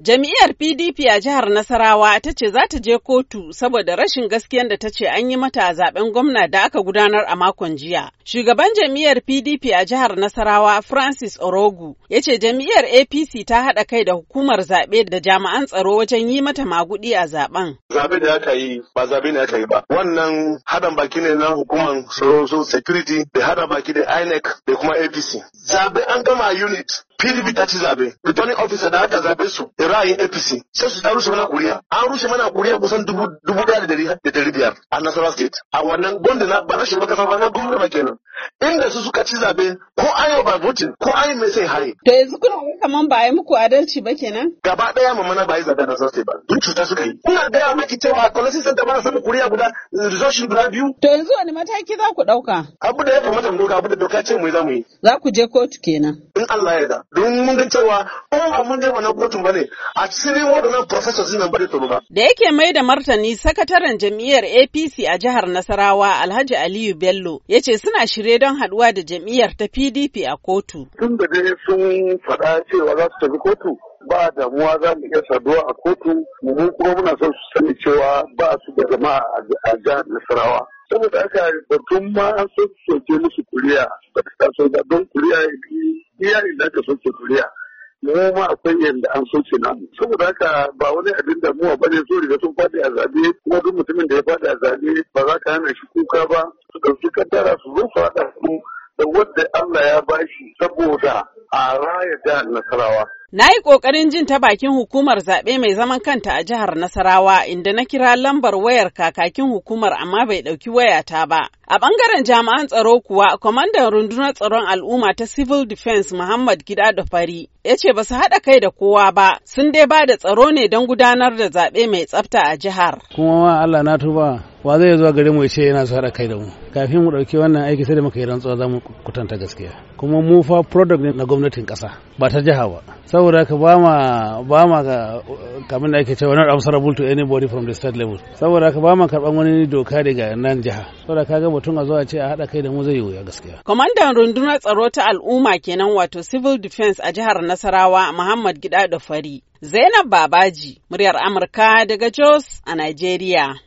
Jam'iyyar PDP a jihar Nasarawa ta ce za ta je kotu saboda rashin gaskiyan da ta ce an yi mata a zaben gwamna da aka gudanar a makon jiya. Shugaban jam'iyyar PDP a jihar Nasarawa Francis Orogu ya ce jam'iyyar APC ta haɗa kai da hukumar zaɓe da jami'an tsaro wajen yi mata maguɗi a zaben. Zaɓe da aka yi ba zaɓe ne aka yi ba. Wannan haɗin baki ne na hukumar tsaro security da haɗa baki da INEC da kuma APC. Zaɓe an gama unit PDP ta ci zabe returning officer da aka zabe su da ra'ayin APC sai su ta rushe mana kuriya an rushe mana kuriya kusan dubu dubu da dari da dari biyar a Nasarawa state a wannan gwamnati na ba na shugaban kasa ba na gwamnati kenan inda su suka ci zabe ko an yi babutin ko an yi mai sai hari. To yanzu kuna wani kamar ba a yi muku adalci ba kenan? Gaba ɗaya mana ba yi zabe na sosai ba duk cuta suka yi. Kuna gaya maki cewa kwalasi santa mana samun kuriya guda rizoshin guda biyu. To yanzu wani mataki za ku ɗauka? Abu da ya kamata mu doka abu da doka ce mu za mu yi. Za ku je kotu kenan. In Allah ya da don mun ga cewa ko ba mun je wannan kotun ba ne a cikin wadannan professors nan ba da tsaro ba. Da yake mai da martani sakataren jam'iyyar APC a jihar Nasarawa Alhaji Aliyu Bello ya ce suna shirye don haduwa da jam'iyyar ta PDP a kotu. Tun da dai sun faɗa cewa za su tafi kotu ba damuwa za mu iya saduwa a kotu mu kuma muna son su sani cewa ba su da jama'a a jihar Nasarawa. Saboda haka batun ma an so su soke musu kuriya ba ta taso da don kuriya iya inda aka soke kuriya. Mu ma akwai yadda an soke na. Saboda haka ba wani abin damuwa ba ne so riga faɗi a zaɓe kuma duk mutumin da ya faɗi a zaɓe ba za ka hana shi kuka ba su ɗauki kaddara su zo su da wadda Allah ya bashi saboda a raya da nasarawa. Na yi ƙoƙarin jin ta bakin hukumar zaɓe mai zaman kanta a jihar Nasarawa inda na kira lambar wayar kakakin hukumar amma bai ɗauki wayata ba. A ɓangaren jami'an tsaro kuwa, kwamandan rundunar tsaron al'umma ta Civil Defense Muhammad Gida da Fari ya ce ba su haɗa kai da kowa ba, sun dai ba da tsaro ne don gudanar da zaɓe mai tsafta a jihar. Kuma Allah na tuba wa zai zuwa gare mu ya ce yana so kai da mu kafin mu dauki wannan aiki sai da muka yi rantsuwa za mu kutanta gaskiya kuma mu fa product ne na gwamnatin kasa ba ta jiha ba saboda ka ba ma ba ma kamar da ake cewa not answerable to anybody from the state level saboda ka ba ma karban wani doka daga nan jiha saboda ka ga mutum a zuwa ce a hada kai da mu zai yi wuya gaskiya kwamandan rundunar tsaro ta al'umma kenan wato civil defense a jihar Nasarawa Muhammad Gida da Fari Zainab Babaji muryar Amurka daga Jos a Nigeria